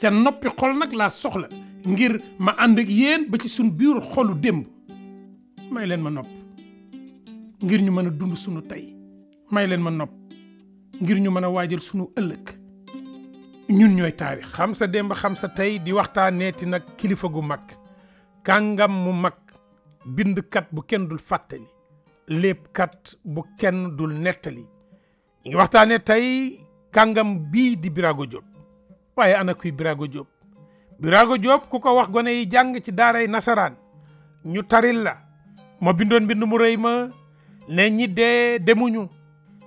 seen noppi xol nag laa soxla ngir ma ànd ak yéen ba ci suñ biir xolu démb may leen ma nopp ngir ñu mën a dund sunu tey may leen ma nopp ngir ñu mën a waajal sunu ëllëg ñun ñooy taarix xam sa démb xam sa tey di waxtaaneeti nag kilifa gu mag kàngam mu mag bindkat bu kenn dul fàttali léebkat bu kenn dul nettali ñu ngi waxtaanee tey kàngam bii di Birago Diop waaye ana kuy Birago Diop Birago Diop ku ko wax gone yi jàng ci daaray nasaraan ñu taril la ma bindoon mbind mu rëy ma ne ñi de demuñu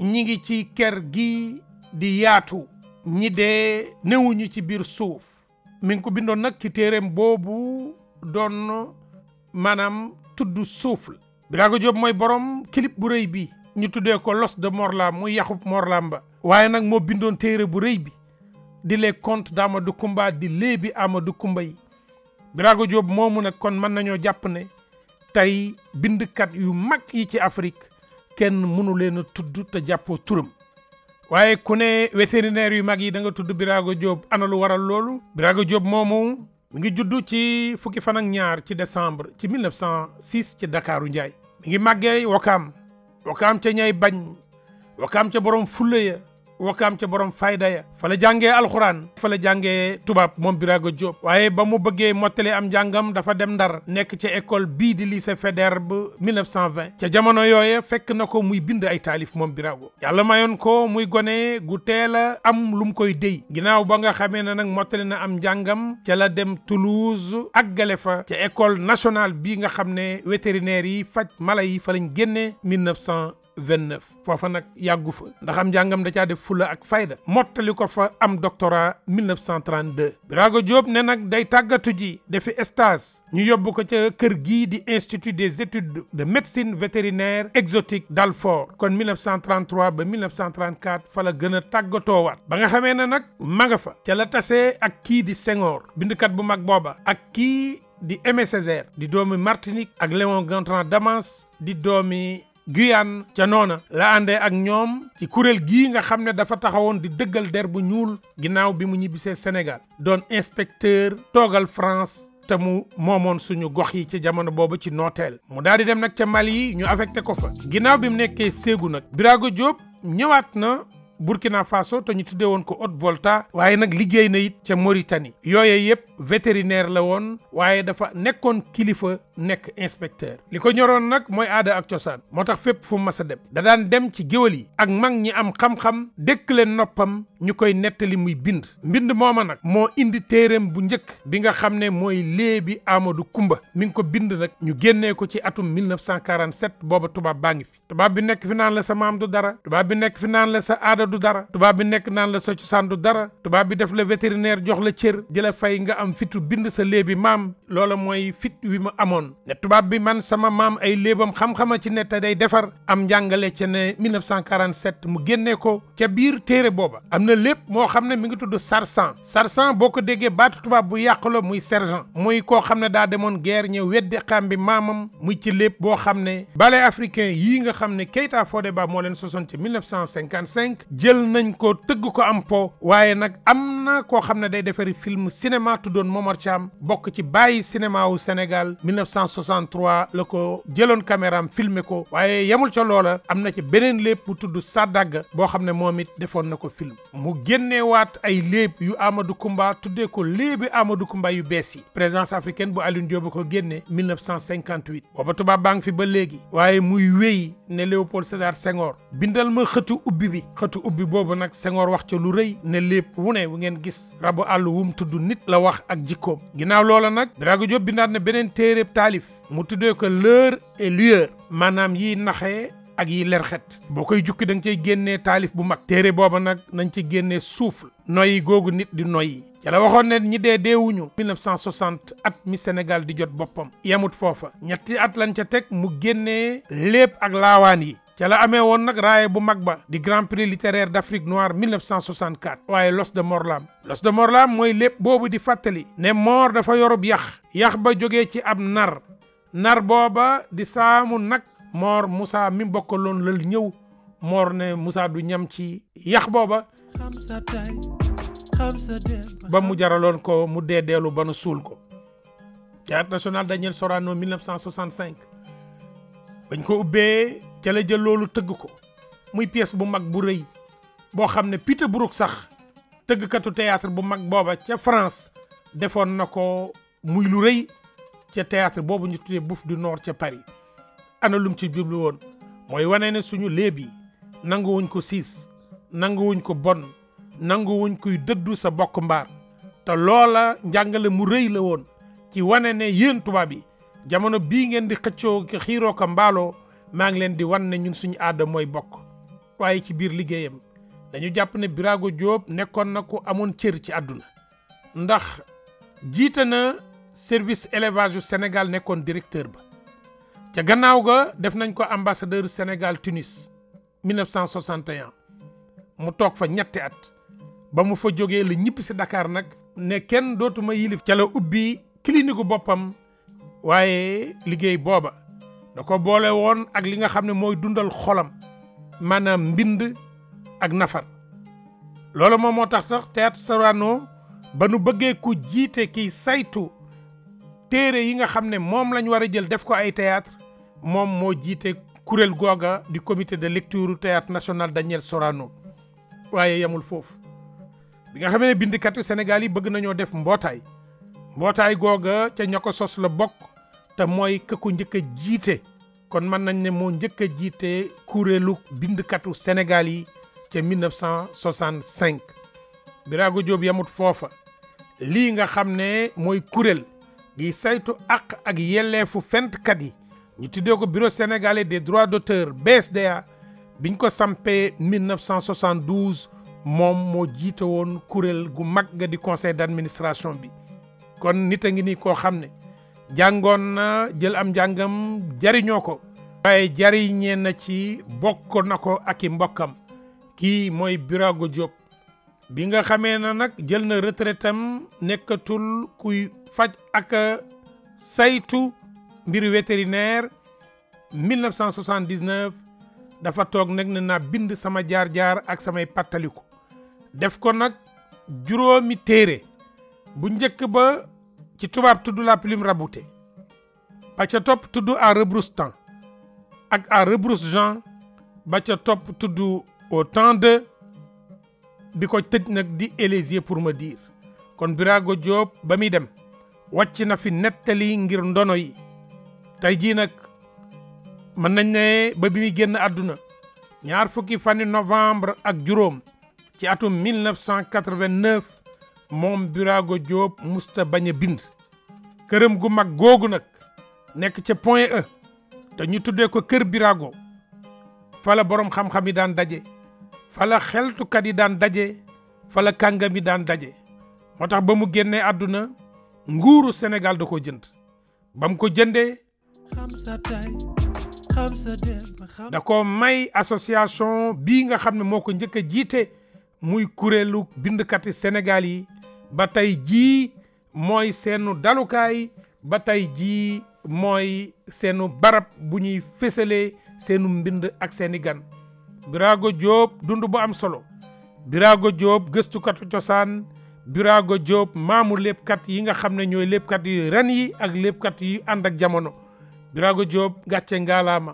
ñi ngi ci ker gi di yaatu ñi de newuñu ci biir suuf mi ngi ko bindoon nag ci téereem boobu doon maanaam tudd suuf la Birago Diop mooy borom clip bu rëy bi ñu tuddee ko L'os de Morlam muy yaxub Morlam ba waaye nag moo bindoon téere bu rëy bi di le contes d'Amadou Koumba di léebi Amadou Koumba yi jóob moomu na kon mën nañoo jàpp ne tey bindkat yu mag yi ci Afrique kenn mënu leen a tudd te jàppoo turam waaye ku ne vétérinaire yu mag yi da nga tudd Birago Diop ana lu waral loolu. Birago Diop moomu mi ngi judd ci fukki fan ak ñaar ci décembre ci 1906 ci dakaaru Njaay mi ngi màggee Wakaam Wakaam ca ñay bañ Wakaam ca borom fulla ya wakaam ca borom fayda ya fa la jàngee alxuraan fa la jàngee tubaab moom Birago Diop waaye ba mu bëggee mottali am jàngam dafa dem ndar nekk ca école bii di lycée Faidherbe 1920 ca jamono yooye fekk na ko muy bind ay taalif moom Birago yàlla mayoon ko muy gone gu teel a am lu mu koy déy ginnaaw ba nga xamee ne nag mottali na am njàngam ca la dem Toulouse àggale fa ca école nationale bii nga xam ne vétérinaire yi faj mala yi fa lañ génnee 1900 29 foofa nag yàggu fa ndax am njàngam da caa def fula ak fayda mottali ko fa am doctorat 1932 Birago Diop ne nag day tàggatu ji defi stage ñu yóbbu ko ca kër gii di institut des études de médecine vétérinaire exotique d'Alfort kon 1933 ba 1934 fa la gën a tàggatoowaat ba nga xamee ne nag ma nga fa ca la tasee ak kii di Senghor bindkat bu mag booba ak kii di Aimé di doomi Martinique ak Léon Gontran Damas di doomi Guyane ca noona la àndee ak ñoom ci kuréel gii nga xam ne dafa taxawoon di dëggal der bu ñuul ginnaaw bi mu ñibbisee Sénégal doon inspecteur toogal France te mu moomoon suñu gox yi ci jamono boobu ci nooteel mu daal di dem nag ca Mali yi ñu affecté ko fa ginnaaw bi mu nekkee Ségou nag Birago Diop ñëwaat na Burkina Faso te ñu tuddee woon ko Haute Volta waaye nag liggéey na it ca Mauritanie yooye yëpp vétérinaire la woon waaye dafa nekkoon kilifa nekk inspecteur li ko ñoroon nag mooy aada ak cosaan moo tax fépp fu mas a dem da dem ci géwal yi ak mag ñi am xam-xam dëkk leen noppam ñu koy nettali muy bind mbind mooma nag moo indi téereem bu njëkk bi nga xam ne mooy léebi Amadou Kumba mi ngi ko bind nag ñu génnee ko ci atum 1947 booba tubaab baa ngi fi tubaab bi fi naan bi nekk du dara tubaab bi nekk naan la sa cosaan du dara tubaab bi def la vétérinaire jox la cër di la fay nga am fitu bind sa léebi maam loola mooy fit wi mu amoon ne tubaab bi man sama maam ay léebam xam a ci ne te day defar am njàngale ci ne 1947 mu génnee ko ca biir téere booba am na lépp moo xam ne mu ngi tudd sarsan sarsan boo ko déggee baatu tubaab bu yàq muy sergent muy koo xam ne daa demoon guerre ñëw weddi xam bi maamam muy ci lépp boo xam ne ballet africain yii nga xam ne Keita Fodé Ba moo leen sosoon ci 1955 jël nañ ko tëgg ko am po waaye nag am na koo xam ne day defari film cinéma tuddoon Momar Thiam bokk ci bàyyi cinéma wu Sénégal 1963 la ko jëloon caméraam filmer ko waaye yemul ca loola am na ci beneen léeb bu tudd Sadaga boo xam ne moom it defoon na ko film mu génneewaat ay léeb yu Amadou Koumba tuddee ko léebi Amadou Koumba yu bees yi présence africaine bu Alioune bu ko génne 1958 booba tubaab baa ngi fi ba léegi waaye mu wéy ne Léopold Sédar Senghor bindal ma xëtu ubbi bi xëtu ubbi boobu nag Senghor wax ca lu rëy ne lépp wu ne wu ngeen gis rabu àll wum tudd nit la wax ak jikkoom ginnaaw loola nag Birago Diop bindaat ne beneen téeréb taalif mu tuddee ko l'heure et lueur maanaam yi naxe ak yi lerxet boo koy jukki da nga cay génnee taalif bu mag téere booba nag nañ ci génne suuf noyyi googu nit di noyyi ca la waxoon ne ñi dee deewuñu 1960 at mi Sénégal di jot boppam yamut foofa ñetti at lañ ca teg mu génnee lépp ak laawaan yi ca la amee woon nag raaye bu mag ba di grand prix littéraire d' Afrique noire 1964 waaye Los de Morlam Los de Morlam mooy lépp boobu di fàttali ne moor dafa yorub yax yax ba jógee ci ab nar nar booba di saamu nag mor musa mi bokkaloon lal ñëw moor ne Moussa du ñam ci yax booba ba mu jaraloon ko mu dee deelu ba nu suul ko théâtre national Daniel Sorano 1965 bañ ko ubbee ca la jël loolu tëgg ko muy pièce bu mag bu rëy boo xam ne Peter Brook sax tëggkatu théâtre bu mag booba ca France defoon na ko muy lu rëy ca théâtre boobu ñu tuddee Bouffes du Nord ca Paris ana lum ci jublu woon mooy wane ne suñu léebi yi nanguwuñ ko siis nanguwuñ ko bon nanguwuñ koy dëddu sa bokk mbaar te loola njàngale mu rëy la woon ci wane ne yéen tubaab yi jamono bii ngeen di xëccoo xiiroo ko mbaaloo maa ngi leen di wan ne ñun suñu aada mooy bokk waaye ci biir liggéeyam dañu jàpp ne Birago Diop nekkoon na ku amoon cër ci àdduna ndax jiite na service élevage yu Sénégal nekkoon directeur ba ca gannaaw ga def nañ ko ambassadeur Sénégal Tunis 1961 mu toog fa ñetti at ba mu fa jógee la ñipp si Dakar nag ne kenn dootuma yilif ca la ubbi clinique boppam waaye liggéey booba da ko boole woon ak li nga xam ne mooy dundal xolam maanaam mbind ak nafar loolu moom moo tax sax théâtre Sorano ba nu bëggee ku jiite kiy saytu téere yi nga xam ne moom lañu war a jël def ko ay théâtre moom moo jiite kuréel googa di comité de lecture théâtre national Daniel Sorano waaye yamul foofu bi nga xam ne bindkatu senegal yi bëgg nañoo def mbootaay mbootaay googa ca ña sos la bokk te mooy ka njëkk jiite kon mën nañ ne moo njëkk a jiite kuréelu bindkatu Sénégal yi ca 1965 Birago Diop yamut foofa lii nga xam ne mooy kuréel gi saytu ak ak yelleefu fentkat yi ñu tuddee ko bureau sénégalais des droits d'auteur BSDA biñ ko sampee 1972 moom moo jiite woon kuréel gu mag ga di conseil d'administration bi kon nit ngi nii koo xam ne jàngoon na jël am njàngam jariñoo ko waaye jariñee na ci bokk na ko ak i mbokkam kii mooy Birago Diop bi nga xamee na nag jël na retraitam nekkatul kuy faj ak saytu mbir vétérinaire 1979 dafa toog nag ne bind sama jaar-jaar ak samay pàttaliku def ko nag juróomi téere bu njëkk ba ci tubaab tudd la plume raboutée ba ca topp tudd à rebrousse-temps ak à rebrousse-jean ba ca topp tudd au temps de bi ko tëj nag di Élysée's pour me dire kon Birago Diop ba muy dem wàcc na fi nettali ngir ndono yi tey jii nag mën nañ ne ba bi muy génn àdduna ñaar fukki fani novembre ak juróom ci atum moom Birago Diop musta bañ a bind këram gu mag googu nag nekk ca Point E te ñu tuddee ko kër Birago fala boroom xamxam yi daan daje fala xeltukat yi daan daje fala kàngam yi daan daje moo tax ba mu génnee àdduna nguuru senegal da ko jënd ba mu ko jëndee da ko may association bii nga xam ne moo ko njëkk a jiite muy kuréelu bindkati Sénégal yi ba tey jii mooy seenu dalukaay ba tey jii mooy seenu barab bu ñuy fësalee seenu mbind ak seeni gan Birago Diop dund bu am solo Birago Diop gëstukatu cosaan Birago Diop maamu léppkat yi nga xam ne ñooy léppkat yu ren yi ak léppkat yi ànd ak jamono Birago jóob gàcce ngaalaama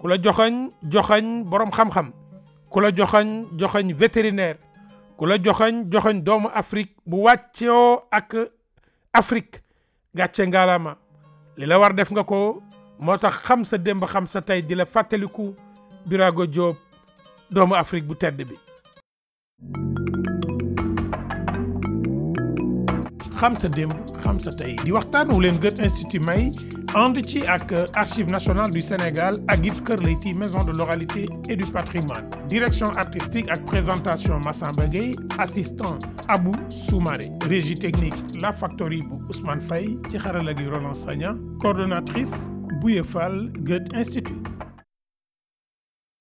ku la joxoñ joxoñ borom xam-xam ku la joxoñ joxoñ vétérinaire ku la joxoñ joxoñ doomu Afrique bu wàccoo ak Afrique gàcce ngaalaama li la war def nga ko moo tax xam sa démb xam sa tey di la fàttaliku Birago Diop doomu Afrique bu tedd bi. xam sa démb sa tey di waxtaan wu leen Goethe Institut may. ànd ci ak archives national du Sénégal ak it Kër Leyti maison de l'oralité et du patrimoine direction artistique ak présentation Massamba Gueye assistant Abou Soumaré régie technique la factorie bu Ousmane Faye ci xarala gi Roland Sagna coordonnatrice Bouye Fall Goethe Institut